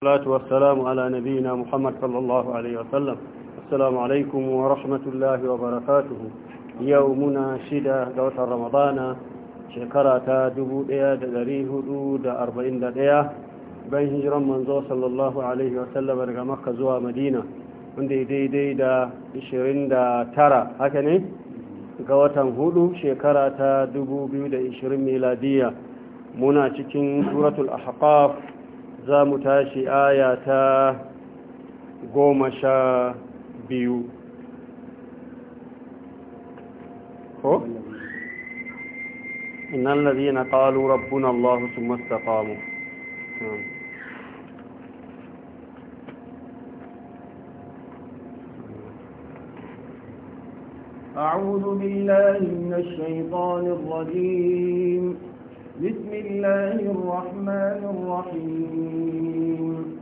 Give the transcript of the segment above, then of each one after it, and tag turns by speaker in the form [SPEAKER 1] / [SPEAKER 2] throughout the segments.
[SPEAKER 1] salatu wassalamu ala nabiyina Muhammad sallallahu alaihi wasallam assalamu alaikum wa rahmatullahi wa barakatuhu yau muna shida ga watan ramadana shekara ta 1441 bayan hijiran manzo sallallahu alaihi wasallam daga makka zuwa madina wanda da 29 haka ne ga watan hudu shekara ta 2020 miladiya muna cikin suratul ahqaf za mu tashi aya ta goma sha biyu ko? innan lalzina ƙalu rabbun Allah su mustaƙamu
[SPEAKER 2] أعوذ بالله من الشيطان الرجيم بسم الله الرحمن الرحيم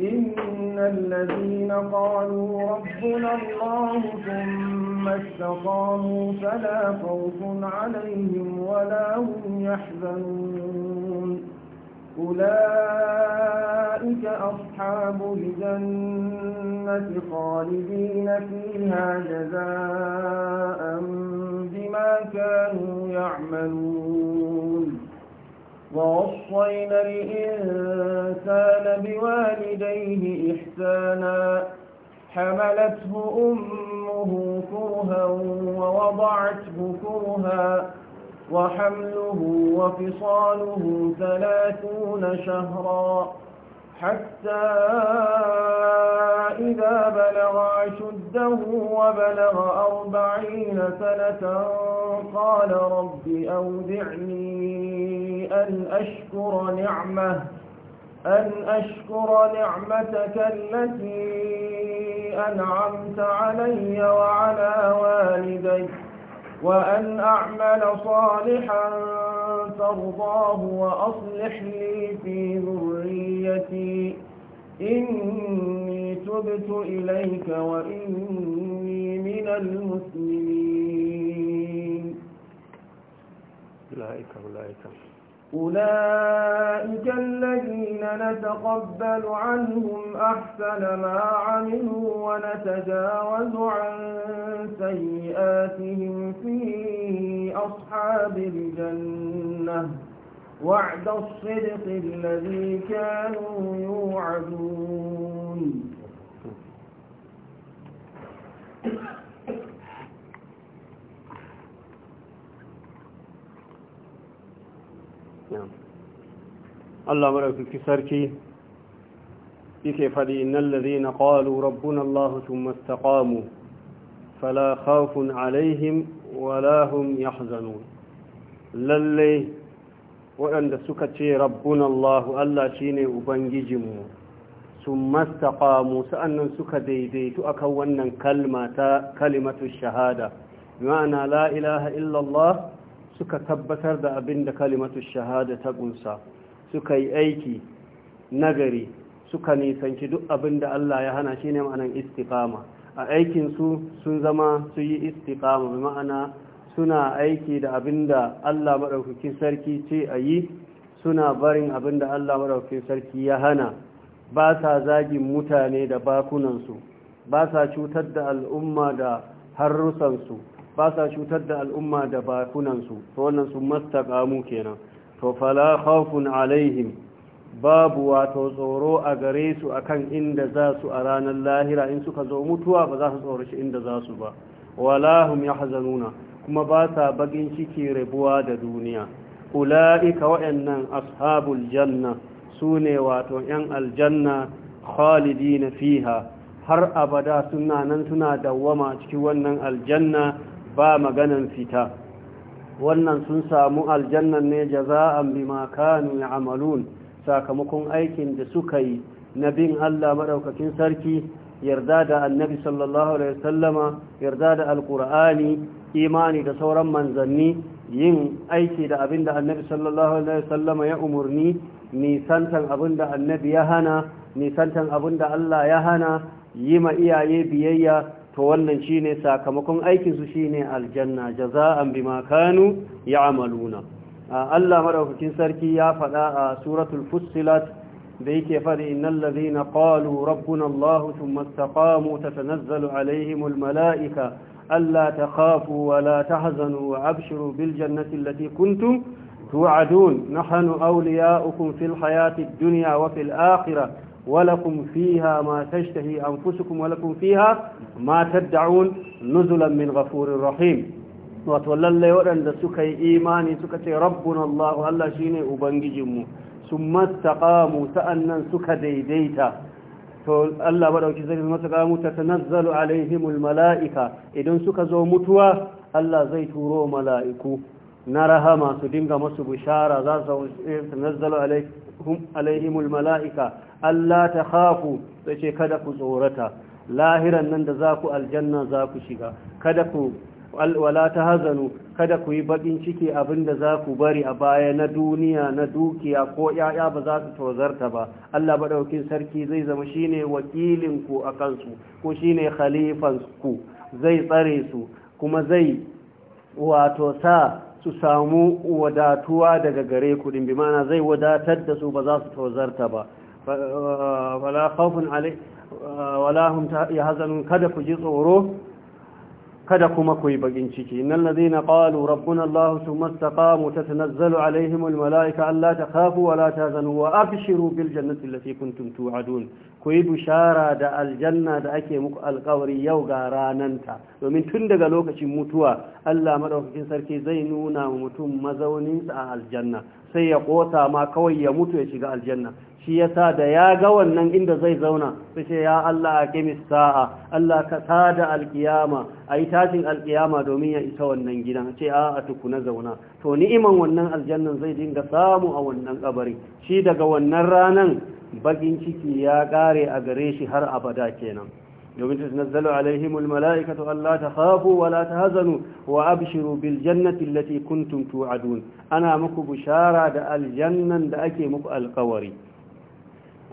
[SPEAKER 2] إن الذين قالوا ربنا الله ثم استقاموا فلا خوف عليهم ولا هم يحزنون أولئك أصحاب الجنة خالدين فيها جزاء بما كانوا يعملون ووصينا الإنسان بوالديه إحسانا حملته أمه كرها ووضعته كرها وحمله وفصاله ثلاثون شهرا حتى إذا بلغ أشده وبلغ أربعين سنة قال رب أودعني أن أشكر نعمه أن أشكر نعمتك التي أنعمت علي وعلى والدي وأن أعمل صالحا ترضاه وأصلح لي في ذريتي إني تبت إليك وإني من المسلمين أولئك أولئك أولئك الذين نتقبل عنهم أحسن ما عملوا ونتجاوز عن سيئاتهم في أصحاب الجنة وعد الصدق الذي كانوا يوعدون
[SPEAKER 1] Allah madaukaki sarki yake faɗi innal ladhina qalu rabbuna Allah thumma istaqamu fala khawfun alaihim wala hum yahzanun lalle waɗanda suka ce rabbuna Allah Allah shine ubangijinmu thumma istaqamu sa'annan suka daidaitu akan wannan kalma ta kalimatu shahada ma'ana la ilaha illa suka tabbatar da abinda kalimatu shahada ta ƙunsa suka yi aiki nagari suka nisanci duk abin da Allah ya hana shi ne ma'anan istiqama a aikinsu sun zama su yi istiqama bi ma'ana suna aiki da abin da Allah maɗaukakin sarki ce a yi suna barin abin da Allah maɗaukakin sarki ya hana ba sa zagin mutane da bakunansu ba sa cutar da al'umma da harrusansu ba sa cutar da al'umma da bakunansu to wannan su mastaqamu kenan to fala khawfun alaihim babu wato tsoro a gare su akan inda za su a ranar lahira in suka zo mutuwa ba za su tsoro shi inda za su ba wala hum nuna. kuma ba sa bagin ciki rabuwa da duniya ula'ika wa'annan ashabul janna sune wato yan aljanna khalidina fiha har abada suna nan suna dawwama cikin wannan aljanna ba maganan fita wannan sun samu aljannan ne jaza'an bima kanu ya'malun sakamakon aikin da suka yi na bin Allah madaukakin sarki yarda da annabi sallallahu alaihi wasallama yarda da alqur'ani imani da sauran manzanni yin aiki da abinda annabi sallallahu alaihi wasallama ya umurni nisantan abinda annabi ya hana nisantan abinda Allah ya hana yi ma iyaye biyayya to wannan shine sakamakon aikin su shine aljanna jaza'an bima kanu ya'maluna Allah madaukakin sarki ya faɗa a suratul fussilat da yake faɗi innal ladhina qalu rabbuna Allah thumma istaqamu tatanazzalu alaihimul malaika alla takhafu wa la tahzanu wa abshiru bil jannati allati kuntum توعدون نحن fil hayati duniya wa fil الآخرة ولكم فيها ما تشتهي أنفسكم ولكم فيها ما تدعون نزلا من غفور رحيم وتولى waɗanda suka yi imani suka ce rabbuna Allah Allah shine ubangijinmu summa taqamu sa'annan suka daidaita to Allah madauki zai masa kamu tatanazzalu alaihimul malaika idan suka zo mutuwa Allah zai turo mala'iku na rahama su dinga masu bishara za su tanazzalu alaihim hum alaihimul mala'ika Allah ta khafu sai kada ku tsorata lahiran nan da zaku ku aljanna za ku shiga kada ku wala ta hazanu kada ku yi bakin ciki abinda za ku bari a baya na duniya na dukiya ko ya'ya ba za su tozarta ba Allah ba baɗaukin sarki zai zama shine wakilin ku a kansu ko shine khalifan ku zai tsare su kuma zai wato sa su samu wadatuwa daga gare ku din bi ma'ana zai wadatar da su ba za su tawazarta ba eh, wala khawfun alai eh, wala hum yahzanun kada ku ji tsoro kada kuma ku yi bakin ciki innal ladina qalu rabbuna allah thumma istaqamu tatanzalu alaihim al malaika alla takhafu wa la tahzanu wa abshiru bil jannati allati kuntum tu'adun ku yi bushara da aljanna da ake muku alƙawari yau ga rananta domin tun daga lokacin mutuwa Allah madaukakin sarki zai nuna mutum mazauninsa a aljanna sai ya ƙosa ma kawai ya mutu ya shiga aljanna shi ya sa da ya ga wannan inda zai zauna sai ce ya Allah aqimis sa'a Allah ka tada alkiyama yi tashin alkiyama domin ya isa wannan gidan ce a a tukuna zauna to ni'iman wannan aljannan zai dinga samu a wannan kabari shi daga wannan ranan bakin ciki ya kare a gare shi har abada kenan يوم تتنزل عليهم الملائكة ألا تخافوا ولا تهزنوا وأبشروا بالجنة التي كنتم توعدون أنا مكو بشارة الجنة دا أكي القوري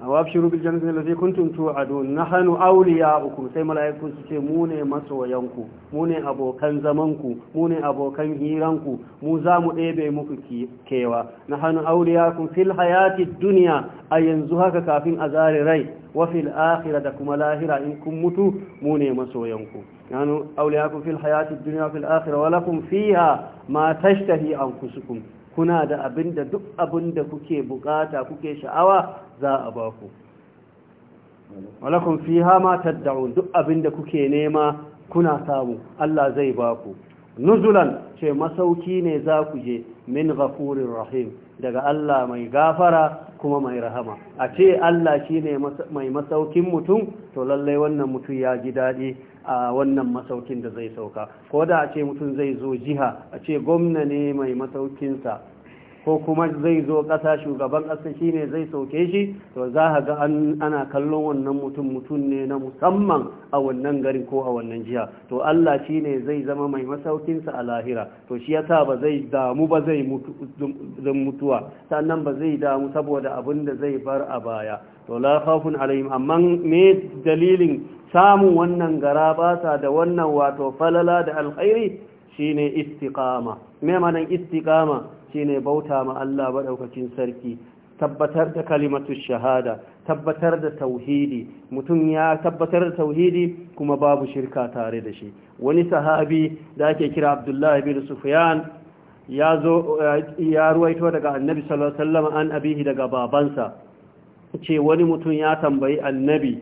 [SPEAKER 1] wabshiru bil jannati allati kuntum tu'adun nahnu awliya'ukum sai malaiku su ce mu ne masoyanku mu ne abokan zaman ku mu ne abokan hiran ku mu za mu ɗebe muku kewa nahnu awliya'ukum fil hayati dunya a yanzu haka kafin a azare rai wa fil da kuma lahira in kun mutu mu ne masoyanku nahnu awliya'ukum fil hayati dunya fil akhirah wa lakum fiha ma tashtahi anfusukum kuna da abin da duk abin da kuke bukata kuke sha'awa za a ba ku walakun fi hama da'un duk abin da kuke nema kuna samu Allah zai ba ku nuzulan ce masauki ne za ku je min ghafurin rahim daga Allah mai gafara kuma mai rahama a ce Allah shi ne mai masaukin mutum to lallai wannan mutum ya ji daɗi a wannan masaukin da zai sauka ko da a ce mutum zai zo jiha a ce gwamna ne mai masaukinsa ko kuma zai zo ƙasa shugaban ƙasa shi ne zai sauke shi to za a ga ana kallon wannan mutum mutum ne na musamman a wannan gari ko a wannan jiha to Allah shi ne zai zama mai masaukinsa a lahira to shi sa ba zai damu ba zai mutuwa sannan ba zai damu saboda abin da zai bar a baya to la khafun amma me dalilin samun wannan gara ba da wannan wato falala da alkhairi shine istiqama me manan istiqama shine bauta ma Allah madaukakin sarki tabbatar da kalimatu shahada tabbatar da tauhidi mutum ya tabbatar da tauhidi kuma babu shirka tare da shi wani sahabi da ake kira Abdullah ibn Sufyan ya zo ya ruwaito daga Annabi sallallahu alaihi an abihi daga babansa ce wani mutum ya tambayi Annabi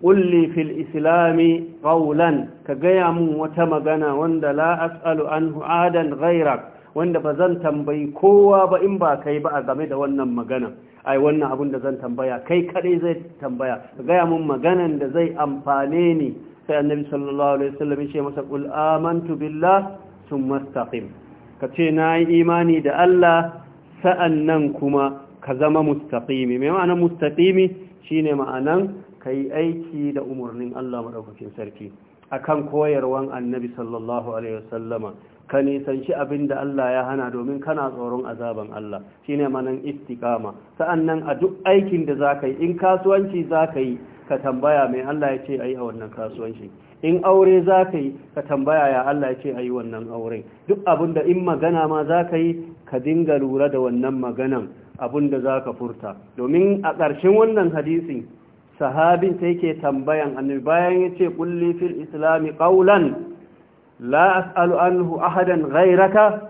[SPEAKER 1] kulli fil islami qawlan ka gaya mun wata magana wanda la as'alu anhu adan ghairak wanda ba zan tambayi kowa ba in ba kai ba a game da wannan magana ai wannan abin da zan tambaya kai kadai zai tambaya gaya mun maganan da zai amfane ni sai annabi sallallahu alaihi wasallam ya ce masa qul amantu billah thumma istaqim kace nayi imani da Allah sa'annan kuma ka zama mustaqimi me ma'ana mustaqimi shine ma'anan kai aiki da umarnin Allah madaukakin sarki akan koyarwan annabi sallallahu alaihi wasallama ka nisanci abin da Allah ya hana domin kana tsoron azaban Allah shine manan istikama sa'annan a duk aikin da za ka yi in kasuwanci za ka yi ka tambaya mai Allah ya ce a yi a wannan kasuwanci in aure za ka yi ka tambaya ya Allah ya ce yi wannan aure duk abin da in magana ma za ka yi ka dinga lura da wannan maganan abin da ka furta domin a ƙarshen wannan hadisin sahabin sai ke tambayan annabi bayan ya ce kulli fil islami qawlan لا أسأل عنه أحدا غيرك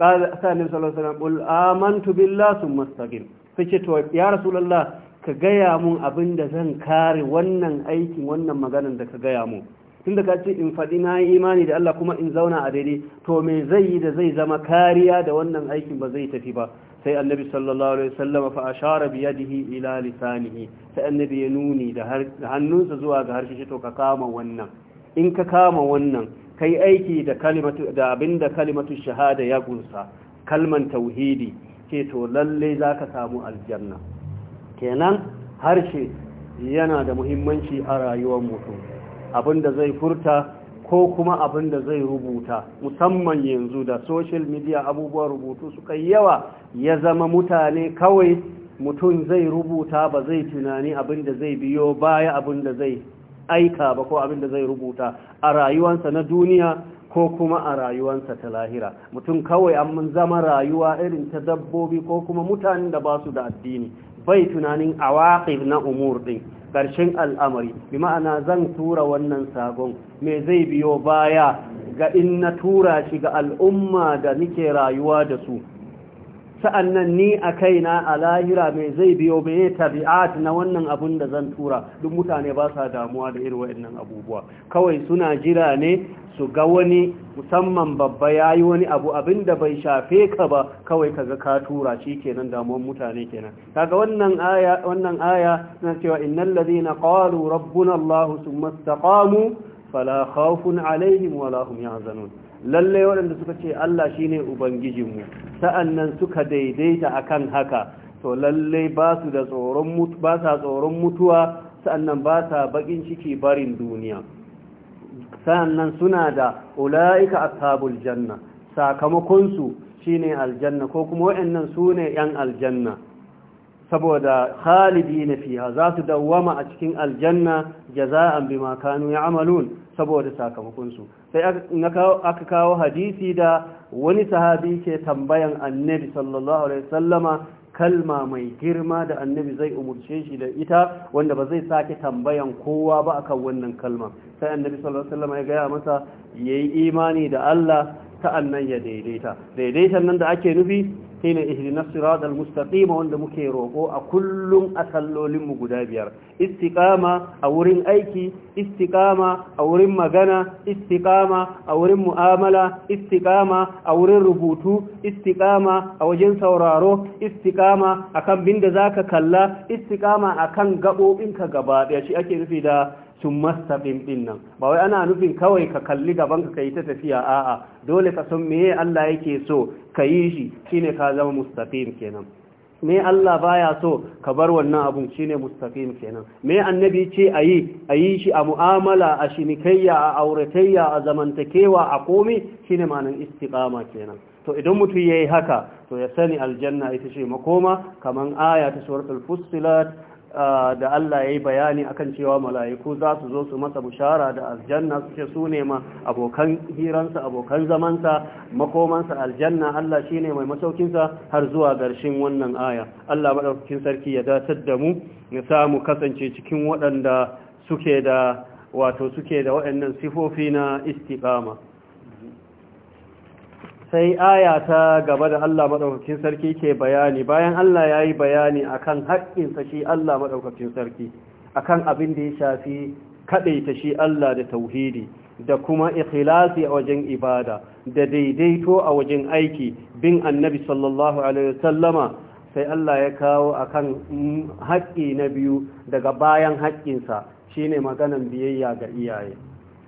[SPEAKER 1] قال ثاني صلى الله عليه وسلم قل to بالله ثم استقم فشت يا رسول الله كجيا من أبن دزن كاري wannan أيك ونن مجانا دك tun da ka ce in faɗi na yi imani da Allah kuma in zauna a daidai to me zai yi da zai zama kariya da wannan aikin ba zai tafi ba sai annabi sallallahu alaihi wasallam fa ashara bi yadihi ila lisanihi sai annabi ya nuni da hannunsa zuwa ga harshe to ka kama wannan in ka kama wannan Kai aiki da abinda kalimatu shahada ya gunsa kalman tauhidi ke to lalle za ka samu aljanna kenan harshe yana da muhimmanci a rayuwar mutum abinda zai furta ko kuma abinda zai rubuta musamman yanzu da social media abubuwan rubutu suka yawa ya zama mutane kawai mutum zai rubuta ba zai tunani abin zai biyo baya abin zai aika ba ko abin da zai rubuta a rayuwansa na duniya ko kuma a rayuwansa ta lahira mutum kawai an mun zama rayuwa irin ta dabbobi ko kuma mutanen da ba su da addini bai tunanin a waƙif na umur ɗin ƙarshen al'amari bi ma'ana zan tura wannan sagon me zai biyo baya ga in na tura shi ga al'umma da nike rayuwa da su sa'annan ni a kaina a lahira mai zai biyo mai tabi'at na wannan abun da zan tura duk mutane ba sa damuwa da irin wa'annan abubuwa kawai suna jira ne su ga wani musamman babba ya yi wani abu abin da bai shafe ka ba kawai ka ga ka tura shi kenan damuwan mutane kenan kaga wannan aya wannan aya na cewa innal ladina qalu rabbuna allah thumma fala khawfun alaihim wala hum yahzanun lalle waɗanda suka ce Allah shine ubangijinmu sa'annan suka daidaita akan haka to lalle ba su da tsoron mutu ba sa tsoron mutuwa sa'annan ba sa bakin ciki barin duniya sa'annan suna da ulaika ashabul janna sakamakon su shine aljanna ko kuma waɗannan sune yan aljanna saboda khalidi na fiya za su dawwama a cikin aljanna jaza'an bima ya amalun saboda sakamakonsu sai aka kawo hadisi da wani sahabi ke tambayan annabi sallallahu alaihi sallama kalma mai girma da annabi zai umurce shi da ita wanda ba zai sake tambayan kowa ba akan wannan kalma sai annabi sallallahu alaihi sallama ya gaya masa yayi imani da Allah sa'annan ya daidaita daidaitan nan da ake nufi shine ihdina siratal mustaqim wanda muke roko a kullum a sallolinmu mu guda biyar Istiƙama a wurin aiki Istiƙama a wurin magana Istiƙama a wurin mu'amala Istiƙama a wurin rubutu Istiƙama a wajen sauraro istiqama akan binda ka kalla istiqama akan gabobinka gaba daya shi ake nufi da Tun masta ɗin nan ba wai ana nufin kawai ka kalli gaban ka yi ta tafiya a'a dole ka san me Allah yake so ka yi shi shine ka zama mustaqim kenan me Allah baya so ka bar wannan abun shine mustaqim kenan me annabi ce ayi ayi shi a mu'amala a shinikayya a auratayya a zamantakewa a komai shine ma'anar istiqama kenan to idan mutum yayi haka to ya sani aljanna ita ce makoma kaman aya ta suratul fussilat da Allah ya yi bayani akan cewa mala'iku za su zo su masa bushara da aljanna su ce su ne ma abokan hiransa abokan zamansa makomansa aljanna Allah shi ne mai masaukinsa har zuwa garshin wannan aya Allah maɗaukakin sarki ya datar da mu ya samu kasance cikin waɗanda suke da wato suke da waɗannan sifofi na istiƙama sai aya ta gaba da Allah maɗaukakin sarki ke bayani bayan Allah ya yi bayani akan kan haƙƙinsa shi Allah maɗaukakin sarki akan kan abin da ya shafi kaɗaita shi Allah da tauhidi da kuma ikhlasi a wajen ibada da daidaito a wajen aiki bin annabi sallallahu alaihi wasallama sai Allah ya kawo akan haƙƙi na biyu daga bayan haƙƙinsa shine maganan biyayya ga iyaye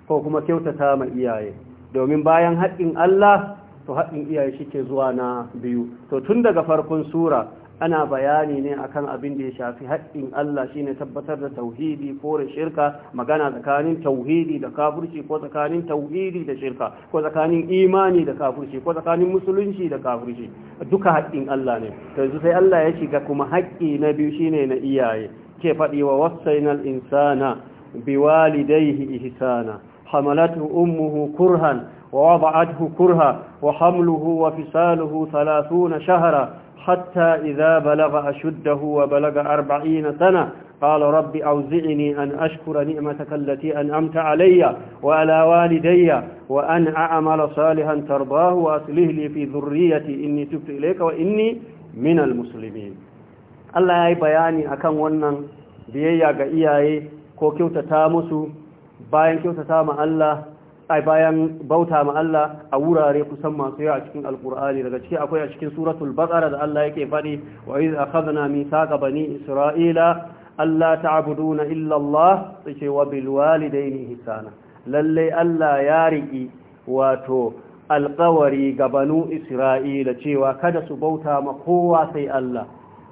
[SPEAKER 1] ko kuma kyautata ma iyaye domin bayan haƙƙin Allah to haɗin iyaye shike zuwa na biyu to tun daga farkon sura ana bayani ne akan abin da ya shafi haƙƙin Allah shine tabbatar da tauhidi ko da shirka magana tsakanin tauhidi da kafirci ko tsakanin tauhidi da shirka ko tsakanin imani da kafirci ko tsakanin musulunci da kafirci duka haƙƙin Allah ne to yanzu sai Allah ya shiga kuma haƙƙi na biyu shine na iyaye ke faɗi wa wasainal insana biwalidayhi ihsana hamalatu ummuhu kurhan ووضعته كرها وحمله وفصاله ثلاثون شهرا حتى إذا بلغ أشده وبلغ أربعين سنة قال رب أوزعني أن أشكر نعمتك التي أنعمت علي وعلى والدي وأن أعمل صالحا ترضاه وأصله لي في ذريتي إني تبت إليك وإني من المسلمين Allah ya yi bayani akan wannan biyayya ga iyaye ko kyautata musu bayan kyautata ma Allah ai bayan bauta ma Allah a wurare kusan masu yawa cikin alkur'ani daga ciki akwai a cikin suratul baqara da Allah yake faɗi wa iz akhadna mithaqa bani isra'ila alla ta'buduna illa Allah sai wa bil walidayni ihsana lalle Allah ya riki wato alƙawari ga banu isra'ila cewa kada su bauta ma kowa sai Allah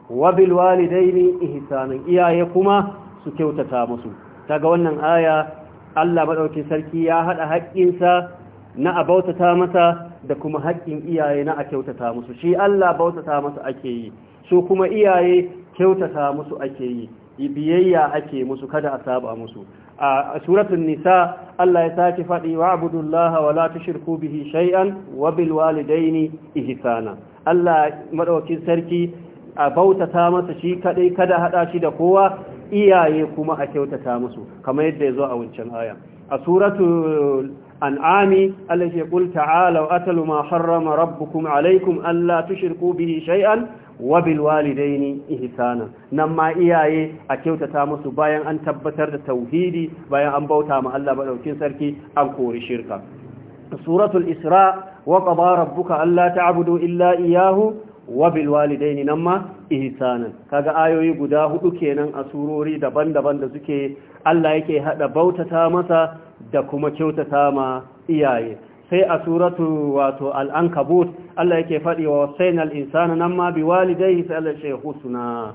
[SPEAKER 1] wa bil walidayni ihsana iyaye kuma su kyautata musu kaga wannan aya Allah maɗaukin sarki ya haɗa haƙƙinsa na a bautata masa da kuma haƙƙin iyaye na a kyautata musu shi Allah bautata masa ake yi su kuma iyaye kyautata musu ake yi biyayya ake musu kada a saba musu a suratul nisa Allah ya sake faɗi wa abudullaha wa tushriku bihi shay'an wa bil walidaini ihsana Allah madaukin sarki a bautata masa shi kadai kada hada shi da kowa iyaye kuma a kyautata musu kamar yadda ya zo a wancan aya a suratul an'ami Allah ya qul ta'ala atalu ma harrama rabbukum alaikum allah tushirku bihi shay'an wa bil walidaini ihsana nan ma iyaye a kyautata musu bayan an tabbatar da tauhidi bayan an bauta ma Allah madaukin sarki an kori shirka suratul isra wa qada rabbuka alla ta'budu illa iyyahu wa bil walidaini nan ma ihsanan kaga ayoyi guda hudu kenan a surori daban-daban da suke Allah yake hada bautata masa da kuma kyautata ma iyaye sai a suratu wato al-ankabut Allah yake fadi wa sainal insana nan ma biwalidayhi sai Allah ya suna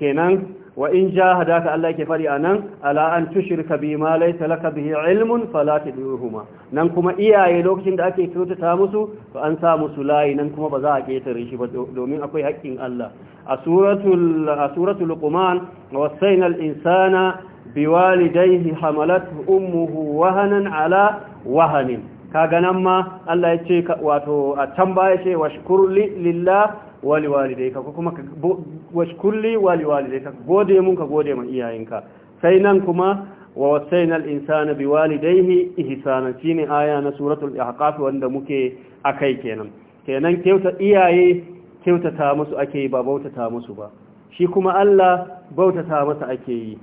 [SPEAKER 1] kenan wa in hadaka Allah yake fari anan ala an tushrika bi ma laysa laka bihi ilmun fala nan kuma iyaye lokacin da ake kyautata musu to an sa musu layi nan kuma ba za a ketare shi ba domin akwai haƙƙin Allah a suratul a suratul luqman wasayna al insana biwalidayhi hamalathu ummuhu wahanan ala wahanin kaga nan ma Allah ya ce wato a ya ce washkur lillah wali walidayka ko kuma washkurli wali walidayka gode mun ka gode ma iyayenka sai nan kuma wa wasainal insana biwalidayhi ihsana ne aya na suratul ihqaf wanda muke akai kenan kenan kyauta iyaye kyautata musu ake yi ba bautata musu ba shi kuma Allah bautata masa ake yi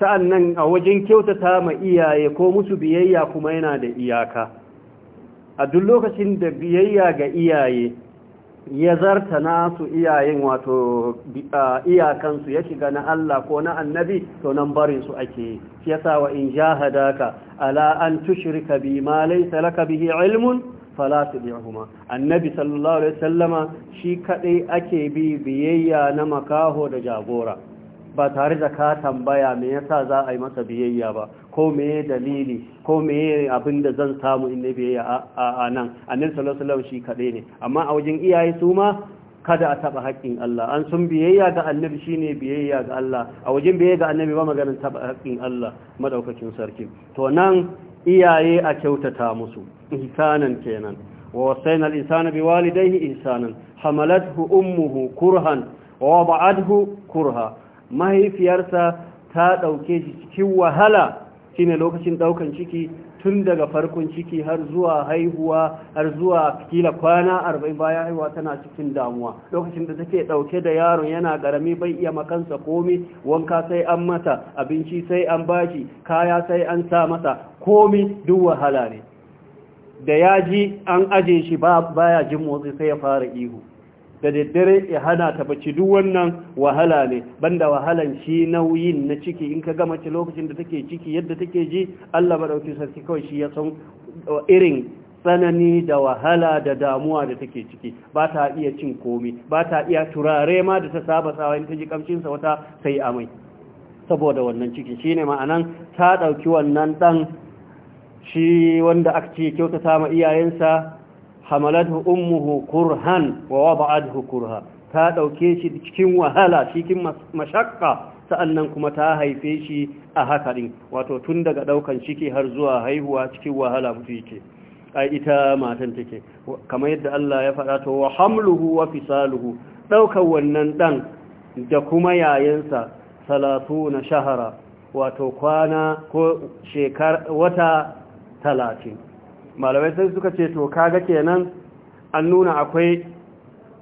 [SPEAKER 1] sa'annan a wajen kyautata ma iyaye ko musu biyayya kuma yana da iyaka a duk lokacin da biyayya ga iyaye ya zarta nasu iyayen wato iyakansu ya shiga na Allah ko na annabi to nan barin su ake shi yasa wa in jahadaka ala an tushrika bi ma laysa laka bihi ilmun fala tudihuma annabi sallallahu alaihi wasallama shi kadai ake bi biyayya na makaho da jagora ba tare da ka tambaya me yasa za a yi masa biyayya ba ko me dalili ko me abin da zan samu in na biyayya a nan annabi sallallahu alaihi shi kaɗai ne amma a wajen iyaye su ma kada a taba haƙƙin Allah an sun biyayya ga annabi shine biyayya ga Allah a wajen biyayya ga annabi ba maganin taba haƙƙin Allah madaukakin sarki to nan iyaye a kyautata musu ihsanan kenan wa wasayna al-insana biwalidayhi ihsanan hamalathu ummuhu kurhan wa wada'athu kurha mahaifiyarsa ta ɗauke shi cikin wahala shi ne lokacin ɗaukan ciki tun daga farkon ciki har zuwa haihuwa har zuwa kila kwana arba'in bayan haihuwa tana cikin damuwa lokacin da take ɗauke da yaron yana ƙarami bai iya makansa komi wanka sai an mata abinci sai an bashi kaya sai an sa masa komi duk wahala ne da ya ji an aje shi ba baya jin motsi sai ya fara ihu da daddare ya hana ta baci duk wannan wahala ne banda wahalan shi nauyin na ciki in ka gama ci lokacin da take ciki yadda take ji Allah madaukakin sarki kawai shi ya san uh, irin tsanani da wahala da damuwa da take ciki ba ta iya cin komi ba ta iya turare ma da ta saba sawa in ta ji kamshinsa wata sai amai saboda wannan ciki shine ma'anan ta dauki wannan dan shi wanda aka ce kyautata ma iyayensa حملته ummuhu kurhan ووضعته كرها kurha ta ɗauke cikin wahala cikin sa'annan kuma ta haife shi a haka din wato tun daga daukan ciki har zuwa haihuwa cikin wahala mutu yake ai ita matan take kamar yadda Allah ya faɗa to wa hamluhu wa fisaluhu daukan wannan dan da kuma yayansa 30 shahara wato kwana ko shekar wata malamai sai suka ce to kaga kenan an nuna akwai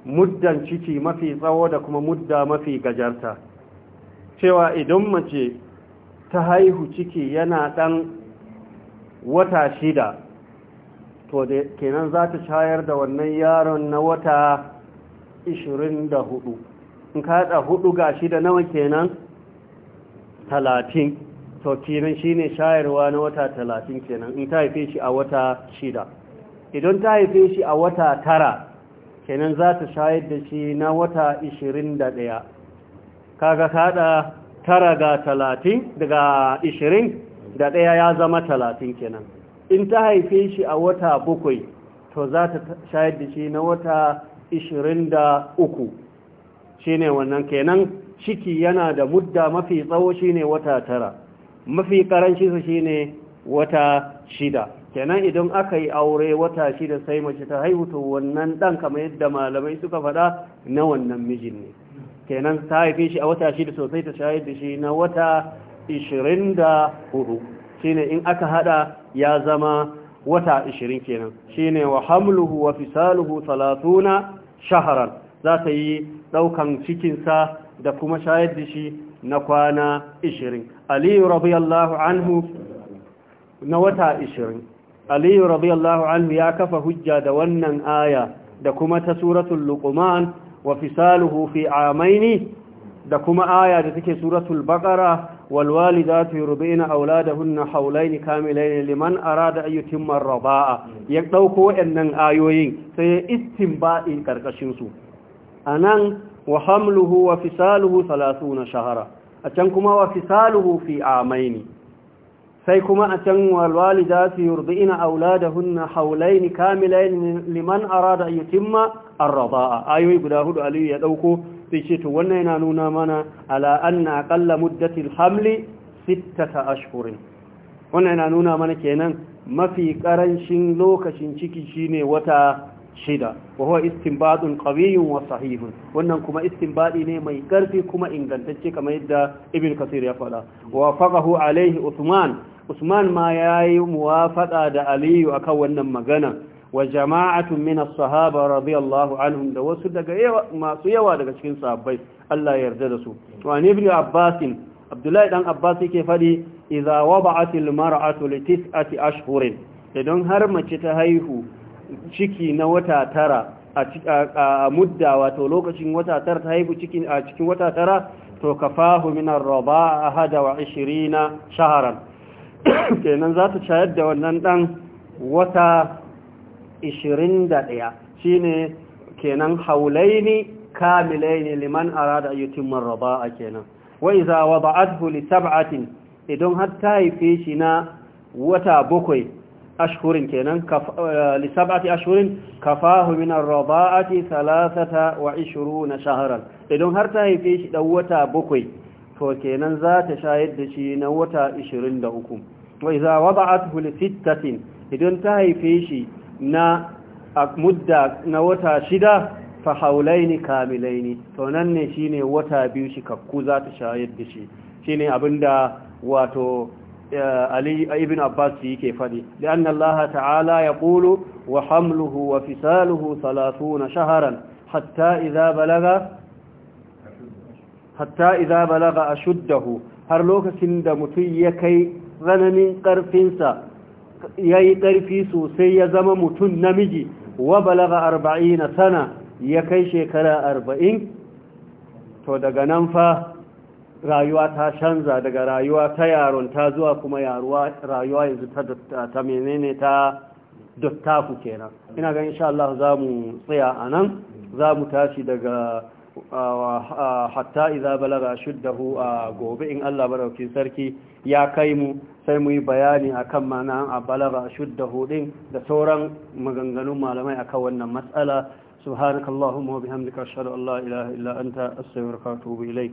[SPEAKER 1] muddan ciki mafi tsawo da kuma mudda mafi gajarta cewa idan mace ta haihu ciki yana dan wata shida to da kenan za ta shayar da wannan yaron na wata 24 in ka hudu ga shida nawa kenan talatin to kenan shine shayarwa na wata talatin kenan in ta haife shi a wata shida idan ta haife shi a wata tara kenan za ta shayar da shi na wata ishirin kaga kada tara ga talatin daga ishirin da ɗaya ya zama talatin kenan in ta haife shi a wata 7 to za ta shayar da shi na wata ishirin da wannan kenan ciki yana da mudda mafi tsawo shine wata tara mafi karanci su shine wata shida kenan idan aka yi aure wata shida sai mace ta haihu wannan dan kamar yadda malamai suka faɗa na wannan mijin ne kenan ta haife shi a wata shida sosai ta shayar da shi na wata 24 shine in aka hada ya zama wata 20 kenan shine wa hamluhu wa fisaluhu 30 shahran za ta yi daukan sa da kuma shayar da shi na kwana ishirin. aliyu radiyallahu anhu na wata ishirin aliyu radiyallahu anhu ya kafa hujja da wannan aya da kuma ta suratun luqman wa fisaluhu fi amaini da kuma aya da take suratul baqara wal walidatu yurdina auladahunna hawlayn kamilayn liman arada an yutimma ar-rida'a ya dauko wayannan ayoyin sai ya istinba'in karkashin su anan wa hamluhu wa fisaluhu 30 shahara a can kuma wa fisaluhu fi amaini sai kuma a can walwalidatu yurdina auladahunna haulain kamilain liman arada yutimma ar-rida'a ayoyi guda hudu aliyu ya dauko sai ce to wannan yana nuna mana ala anna aqalla muddatil hamli sittata ashhurin wannan yana nuna mana kenan mafi karancin lokacin ciki shine wata shida wa huwa istinbadun wa sahihun wannan kuma istinbadi ne mai karfi kuma ingantacce kamar yadda ibn kasir ya faɗa wa faqahu alaihi usman usman ma yayi muwafaqa da aliyu akan wannan magana wa jama'atun min as-sahaba radiyallahu anhum da wasu daga masu yawa daga cikin sahabbai Allah ya yarda da su wa ibn abbas abdullahi dan abbas yake faɗi idza wada'atil mar'atu li tis'ati ashhurin idan har mace ta haihu ciki na wata tara a mudda wato lokacin wata tara ta haihu cikin a cikin wata tara to kafahu roba a hada wa na shaharan kenan za ta shayar da wannan dan wata 21 shine kenan haulaini kamilaini liman arada roba a kenan wa idza li sab'atin idan har ta haife shi na wata bakwai ashhurin kenan li sab'ati ashhurin kafahu min wa radaati na shahran idan har ta haife shi dan wata bakwai to kenan za ta shayar da shi na wata 23 wa idza wada'athu li sittatin idan ta haife shi na mudda na wata shida fa haulaini kamilaini to nan ne shine wata biyu shi kakku za ta shayar da shi shine abinda wato ali ibn abbas yake fadi anna allah ta'ala yaqulu wa hamluhu wa fisaluhu 30 shahran hatta iza balaga hatta idha har lokacin da mutum ya kai tsananin ƙarfinsa ya yi ƙarfi sosai ya zama mutum namiji wa balaga arba'ina sana ya kai shekara arba'in to daga nan fa rayuwa ta canza daga rayuwa ta yaron ta zuwa kuma yaruwa rayuwa yanzu ta ta menene ta dottaku kenan ina ga insha Allah za mu tsaya a nan za mu tashi daga hatta idza balaga shuddahu a gobe in Allah barauki sarki ya kai mu sai mu yi bayani akan mana a balaga shuddahu din da sauran maganganun malamai akan wannan matsala subhanakallahumma wa bihamdika ashhadu an la ilaha illa anta astaghfiruka wa atubu ilayk